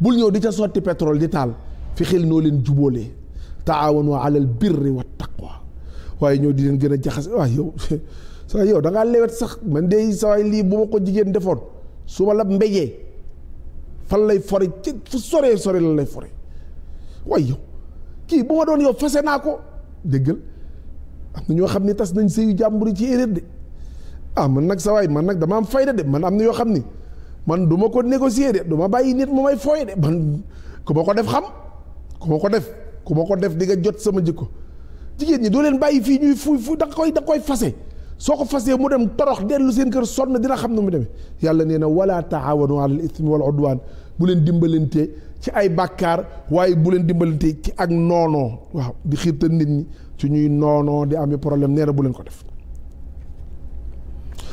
A: bul ñëw di ca sotti pétrole di taal fi xel noo leen jubóolee taawanu alal birri wa taqwa waaye ñëw di leen gën a jaxase waa yow sa yow da ngaa lewet sax man de sa lii bu ma ko jigéen defoon su ma la fan lay fore ci fu soree sore la lay fore waaye yow kii bu ma doon yow fase naa ko déggal am na ñoo xam ni tas nañ sëyu jàmbur yi ci erreur de ah man nag sa waay man nag dama am fayda de man am na yoo xam ni man du ma ko négocier de du ma bàyyi nit mu may fooy de man ku ma ko def xam ku ma ko def ku ma ko def di nga jot sama jikko jigéen ñi doo leen bàyyi fii ñuy fu fu da koy da koy fase soo ko fasee mu dem torox dellu seen kër sonn dina xam ne mu demee yàlla nee na wala taawanu alal ismi wal udwaan bu leen dimbalante ci ay bàkkaar waaye bu leen dimbalante ci ak noonoo waaw di xiirtal nit ñi ci ñuy noonoo di amee problème nee na bu leen ko def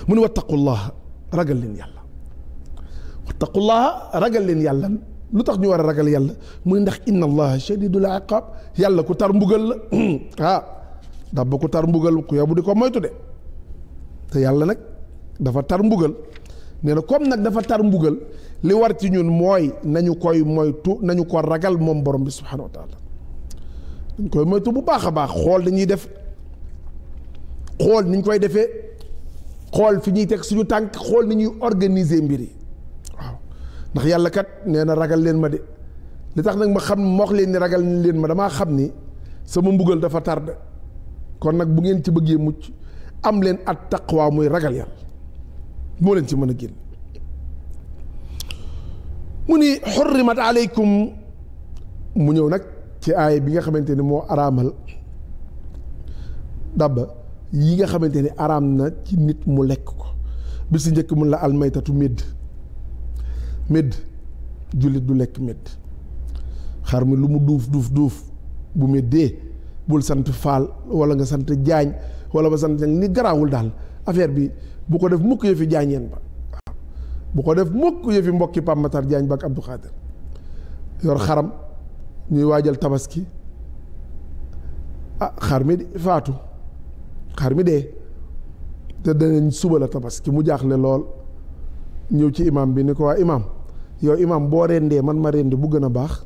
A: mu ne wattaqullah ragal leen yàlla wattaqullah ragal leen yàlla lu tax ñu war a ragal yàlla muy ndax inna allaha shadidul iqab yàlla ku tar mbugal la ah dabba ku tar mbugal di ko moytu te yàlla nag dafa tar mbugal nee na comme nag dafa tar mbugal li war ci ñun mooy nañu koy moytu nañu ko ragal moom borom bi subhanahu wa taala dañ koy moytu bu baax a baax xool dañuy def xool ni koy defee xool fi ñuy teg suñu tànk xool ni ñuy organiser mbir yi waaw ndax yàlla kat nee na ragal leen ma de li tax nag ma xam moox leen ni ragal leen ma damaa xam ni sama mbugal dafa tarde kon nag bu ngeen ci bëggee mucc am leen at taqwa muy ragal yàlla moo leen ci mën a génn mu ni xurrimat aleykum mu ñëw nag ci aay bi nga xamante ni moo araamal dabba yi nga xamante ni araam na ci nit mu lekk ko bi ci njëkk mun la almaytatu médd médd jullit du lekk médd xar mi lu mu duuf duuf duuf bu méddee bul sant faal wala nga sant jaañ wala ba sant ni garaawul daal affaire bi bu ko def mukk yëfi jaañeen ba waaw bu ko def mukk yëfi mbokki Pape Matar Diagne ba ak Abdou Khader yor xaram ñuy waajal tabaski ah xar mi faatu mi dee te danañ suba la tabaski mu jaaxle lool ñëw ci imam bi ni ko waa imam yow imam boo rendee man ma rendi bu gën a baax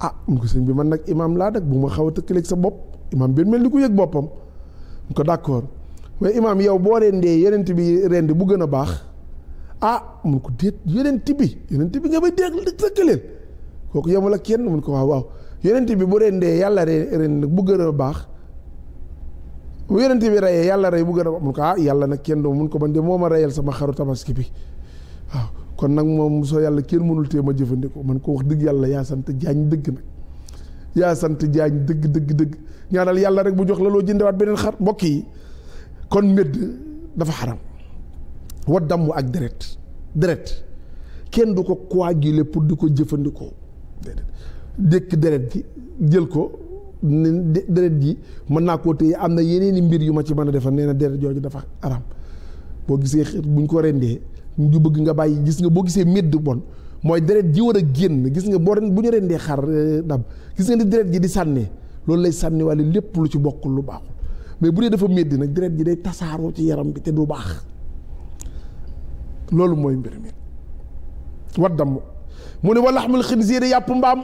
A: ah mu ko bi man nag imam laa dëkk bu ma xaw a tëkkaleeg sa bopp imam bi mel ni ku yëg boppam ko d' accord mais imaam yow boo rendee yonent bi rend bu gën a baax ah mun ko déet yonent bi yonent bi nga may dégg sëkkaleel kooku yemul ak kenn mun ko waaw waaw yonent bi bu rendee yàlla rend bu gën a baax bu yonent bi reyee yàlla rey bu gën a baax mun ko ah yàlla nag kenn doo mun ko man de moo ma reyal sama xaru tabaski bi waaw kon nag moom soo yàlla kenn mënul tee ma jëfandikoo man ko wax dëgg yàlla yaa sant jaañ dëgg nag yaa sant jaañ dëgg dëgg dëgg ñaanal yàlla rek bu jox la loo jëndewaat beneen xar mbokk yi kon médd dafa xaram wa damm ak deret deret kenn du ko coaguler pour du ko jëfandikoo déedéet dékk deret ji jël ko deret ji mën naa koo téye am na yeneeni mbir yu ma ci mën a defal nee na deret jooju dafa xaram boo gisee buñ ko rendee ñu bëgg nga bàyyi gis nga boo gisee médd bon mooy deret ji war a génn gis nga boo ren bu ñu rendee xar euh, dab gis nga ni deret ji di sànnee loolu lay sànni sànniwaale lépp lu ci bokkul lu baaxul mais bu dee dafa métti nag deret ji day tasaaroo ci yaram bi te du baax mooy mbir mi waddam mu ne walaxmul xinziiri yàpp mbaam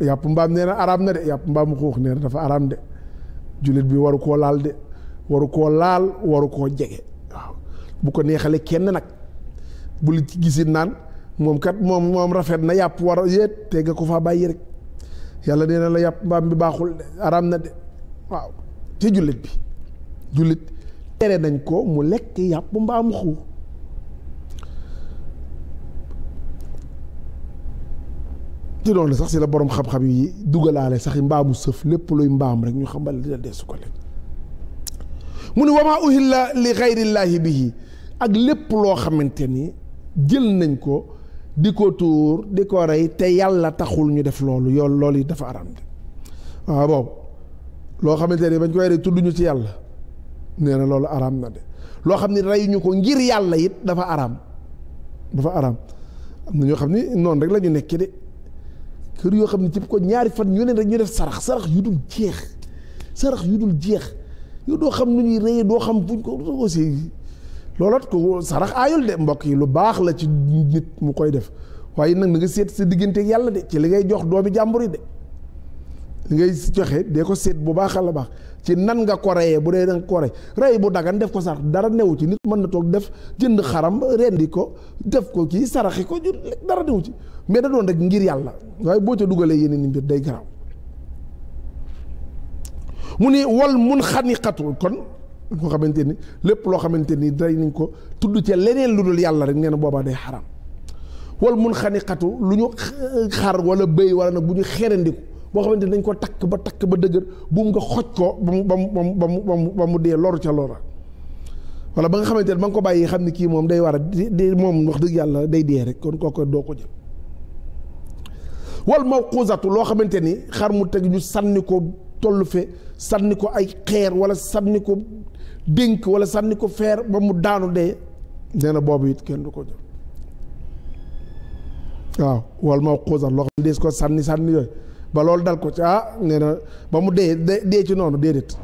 A: yàpp mbaam nee na araam na de yàpp mbaam xuux nee na dafa araam de jullit bi waru koo laal de waru koo laal waru koo jege waaw bu ko neexalee kenn nag bul ci gisin naan moom kat moom moom rafet na yàpp war a yéet te nga ko faa bàyyi rek yàlla nee na la yàpp mbaam bi baaxul de na de waaw ci jullit bi jullit tere nañ ko mu lekk yàpp mbaam xu ci noonu sax si la borom xam-xam yi dugalaale sax mbaamu sëf lépp luy mbaam rek ñu xamal dina dee su ko lekk mu ne wamaa uhilla li gayrillaahi bihi ak lépp loo xamante ni jël nañ ko di ko tuur di ko rey te yàlla taxul ñu def loolu yoon loolu yi dafa aram de waaw ah, boobu loo xamante ne bañ koy rey tudd ñu ci yàlla nee na loolu aram na de loo xam ne rey ñu ko ngir yàlla yit dafa aram dafa aram am na ñoo xam ne noonu rek lañu ñu nekk de kër yoo xam ne ci ko ñaari fan ñu ne rek ñu def sarax sarax yu dul jeex sarax yu dul jeex yow doo xam nu ñuy reyee doo xam buñ ko aussi looloot ko sarax aayul de mbokk yi lu baax la ci nit mu koy def waaye nag na nga seet sa diggante yàlla de ci li ngay jox doomi jàmbur yi de li ngay joxe dee ko seet bu baax la baax ci nan nga ko reyee bu dee danga ko rey rey bu dagan def ko sarax dara newu ci nit mën na toog def jënd xaram rendi ko def ko kii saraxi ko dara newu ci mais da doon rek ngir yàlla waaye boo ca dugalee yeneen i mbir day garaaw mu ni wal mun xaniqatu kon nga xamante ni lépp loo xamante nii day nañ ko tudd ca leneen lu dul yàlla rek nee na boobaa day xaram wal mun xatu lu ñu xar wala bëy wala nag bu ñu xerandiku boo xamante ni dañ ko takk ba takk ba dëgër buum nga xoj ko ba mu ba mu ba mu ba mu dee loru ca loola wala ba nga xamante ne ba nga ko bàyyi xam ne kii moom day war a di moom wax dëgg yàlla day dee rek kon kooku doo ko jël wal mawquusatu loo xamante ni xar mu teg ñu sànni ko tollu fe sanni ko ay xeer wala sànni ko dénk wala sànni ko feer ba mu daanu dee nee boobu it kenn du ko jël waaw wal moo xuusan loo xam dees ko sànni sànni yooyu ba loolu dal ko ci ah nee ba mu dee dee ci noonu déedéet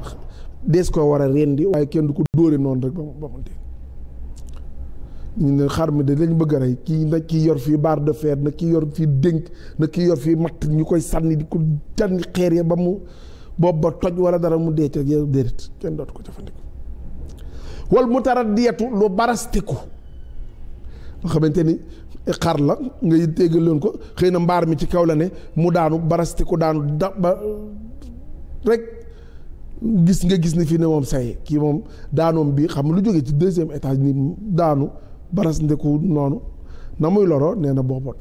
A: dees ko war a di waaye kenn du ko dóore noonu rek ba mu dee ne xar mi de lañ bëgg a rey kii na kii yor fii baar de fer na kii yor fii dénk na kii yor fii matt ñu koy sànni di ko jànni xeer ya ba mu bopp ba toj wala dara mu dee ca déedéet kenn dootu ko jëfandikoo wal mu tara mutaraddiyatu lu barastiku nga xamante ni xar la ngay téegal leen ko xëy na mbaar mi ci kaw la ne mu daanu barastiku daanu da ba rek gis nga gis ni fii ne moom say kii moom daanoom bii xam lu jógee ci deuxième étage ni daanu barastiku noonu na muy loro nee na boobot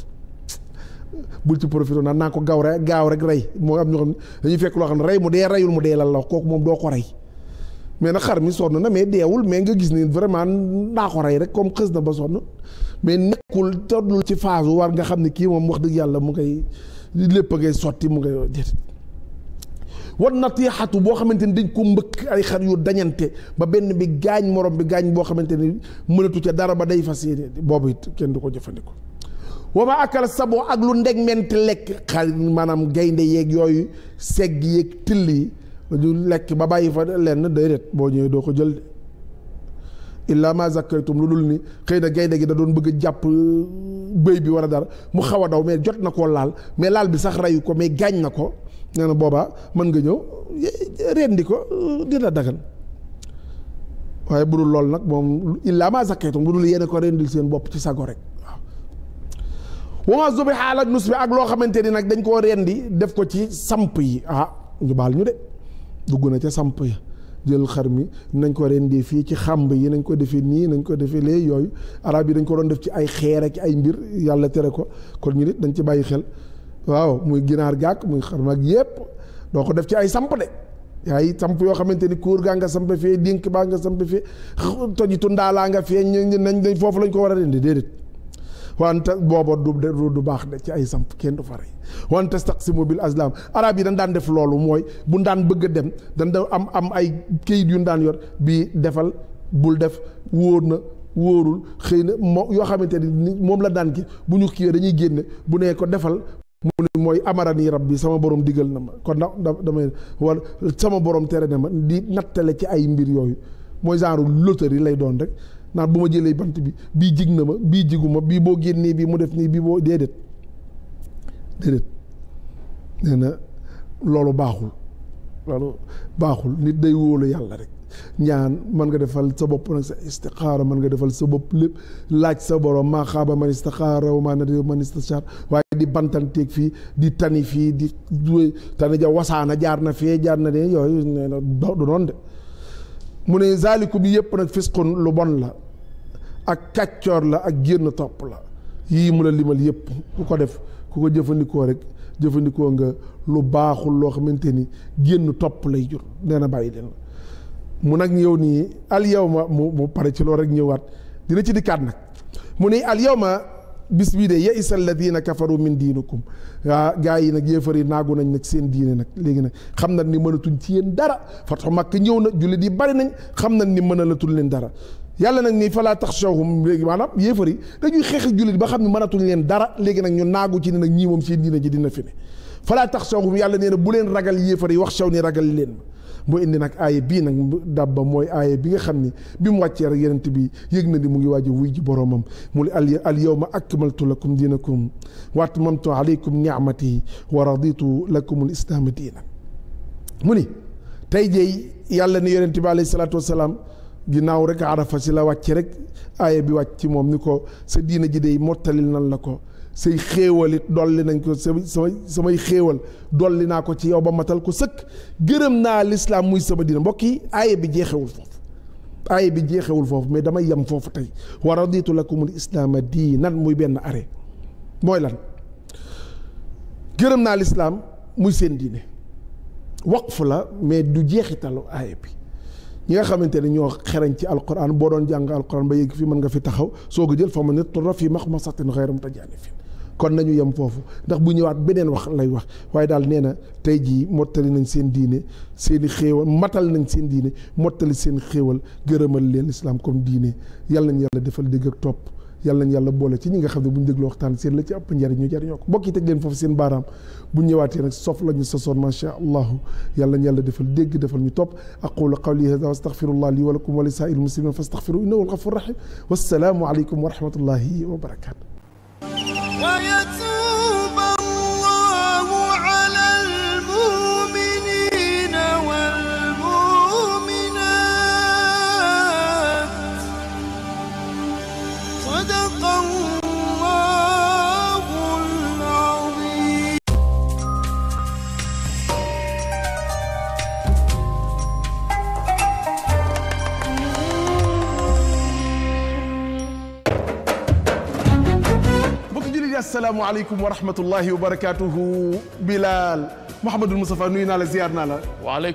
A: bul ci profité naan naa ko gaaw rek gaaw rek rey moo am ñoo xam dañuy fekk loo xam ne rey mu dee reyul mu dee lan la wax kooku moom doo ko rey mais na xar mi sonn na mais deewul mais nga gis ni vraiment naa ko rey rek comme xës na ba sonn mais nekkul tollul ci phase war nga xam ne kii moom wax dëgg yàlla mu ngay lépp a ngay sotti mu ngay déet wan na xatu boo xamante ni dañ ko mbëkk ay xar yu dañante ba benn bi gaañ morom bi gaañ boo xamante ni mënatu ca dara ba day fas yéene boobu it kenn du ko jëfandikoo. wama akal saboo ak lu ndeg menti lekk xar maanaam gaynde yeeg yooyu segg yeeg till yi. du lekk ba bàyyi fa lenn déedéet boo ñëwee doo ko jël de illaa ma zakkaytum lu dul ni xëy na gaynde gi da doon bëgg a jàpp euh, bëy bi war a dara mu xaw a daw mais jot na ko laal mais laal bi sax reyu ko mais gaañ na ko nee na boobaa mën nga ñëw rendi ko euh, dina dagan waaye bu dul loolu nag moom illaa ma zakkaytum lu dul yéene ko rendil seen bopp ci sago rek waaw wama zubiha ala bi ak loo xamante ni nag dañ koo rendi def ko ci samp yi ah ñu baal ñu de dugg na ca samp ya jël xar mi nañ ko rendee fii ci xàmb yi nañ ko defee nii nañ ko defee lee yooyu arab yi dañ ko doon def ci ay xeer ak ay mbir yàlla tere ko kon ñu nit dañ ci bàyyi xel waaw muy ginaar gàkk muy xar mag yépp doo ko def ci ay samp de yaay samp yoo xamante ni kuur gaa nga samp fee dénk baa nga samp fee tojitu ndaalaa nga fee nañ foofu lañ ko war a rendi déedéet wante booba du du baax de ci ay samp kenn du fa rey wante taqsimu bil azlam araab yi dañ daan def loolu mooy bu daan bëgg a dem dañ daan am am ay kayit yu daan yor bii defal bul def wóor na wóorul xëy na moo yoo xamante ni moom la daan gi bu ñu kii dañuy génne bu nee ko defal mu ne mooy amarani rabbi sama borom digal na ma kon da damay wala sama borom tere na ma di nattale ci ay mbir yooyu mooy genre loterie lay doon rek naan bu ma jëlee bant bi bii jig na ma bii jiguma bii boo génnee bii mu def nii bii boo dee déedéet nee na loolu baaxul loolu baaxul nit day wóolu yàlla rek ñaan mën nga defal sa bopp nag sa istixaara mën nga defal sa bopp lépp laaj sa borom maa xaaba man istixaara wa maa nadiima man istashaar waaye di bantanteeg fii di tani fii di tani ja wasaana jaar na fee jaar na de yooyu nee na du noonu de mu ne zaalikum yëpp nag fisqun lu bon la ak kàccoor la ak génn topp la yii mu la limal yépp ku ko def ku ko jëfandikoo rek jëfandikoo nga lu baaxul loo xamante ni génn topp lay jur nee na bàyyi leen mu nag ñëw nii al ma mu mu pare ci loolu rek ñëwaat dina ci dikkaat nag mu ni al ma bis bii de ya isa nag kafaru min diinikum waa gaa yi nag yéefar yi naagu nañ nag seen diine nag léegi nag xam na ni mënatuñ ci yéen dara fatxu Makka ñëw na jullit yi bari nañ xam na ni mënalatul leen dara yàlla nag nii falaa taxshawhum léegi maanaam yéefar yi dañuy xeex jullit ba xam ne mënatuñ leen dara léegi nag ñu naagu ci ne nag ñii moom seen diina ji dina fi ne falaa taxshawhum yàlla nee na bu leen ragal yéefar yi wax shaw ni ragal leen moo indi nag aaya bii nag dabba mooy aaya bi nga xam ni bi mu wàccee rek yonent bi yëg na ni mu ngi waaj a wuy ji boroomam mu ne al al yawma akmaltu lakum diinakum wa atmamtu alaykum ni'mati wa raditu lakum al islaama diina mu ni tey yàlla ni yonent bi alayhi salaatu wasalaam ginnaaw rek arafa si la wàcce rek aaya bi wàcc ci moom ni ko sa diina ji dey mottalil nan la ko say xéewalit dolli nañ ko samay samay xéewal dolli naa ko ci yow ba matal ko sëkk gërëm naa lislaam muy sama diina mbokk yi aaya bi jeexewul foofu aaya bi jeexewul foofu mais damay yem foofu tey la ko wa raditu lakumul islaama diinan muy benn arrêt mooy lan gërëm naa lislaam muy seen diine waqf la mais du jeexitalu aaya bi ñi nga xamante ne ñoo xereñ ci alquran boo doon jàng alquran ba yegg fi mën nga fi taxaw soo ko jël fa ma ne turra fi maxmasatin xayra mutajaanifin kon nañu yem foofu ndax bu ñëwaat beneen wax lay wax waaye daal neena tey jii mottali nañ seen diine seen i xéewal matal nañ seen diine mottali seen xéewal gërëmal leen islam comme diine yàlla nañ yàlla defal dégg ak topp yàlla nañ yàlla boole ci ñi nga xam ne bu ñu dégloo waxtaan seen la ci ëpp njariñ ñu jariñoo ko mbokk yi teg leen foofu seen baaraam bu ñëwaatee nag sof la ñu sosoon macha allahu defal dégg defal ñu topp aqulu qawli hada wa astaghfirullah li wa lakum wa li saa'il muslimin fa astaghfiru innahu al ghafur rahim wassalaamu aleykum wa rahmatullahi wa barakatuh ni asalaamualeykum wa rahmatullahi wa barakaatuhu Bilal Mouhamadul Moustapha nuyu naa la ziar naa la.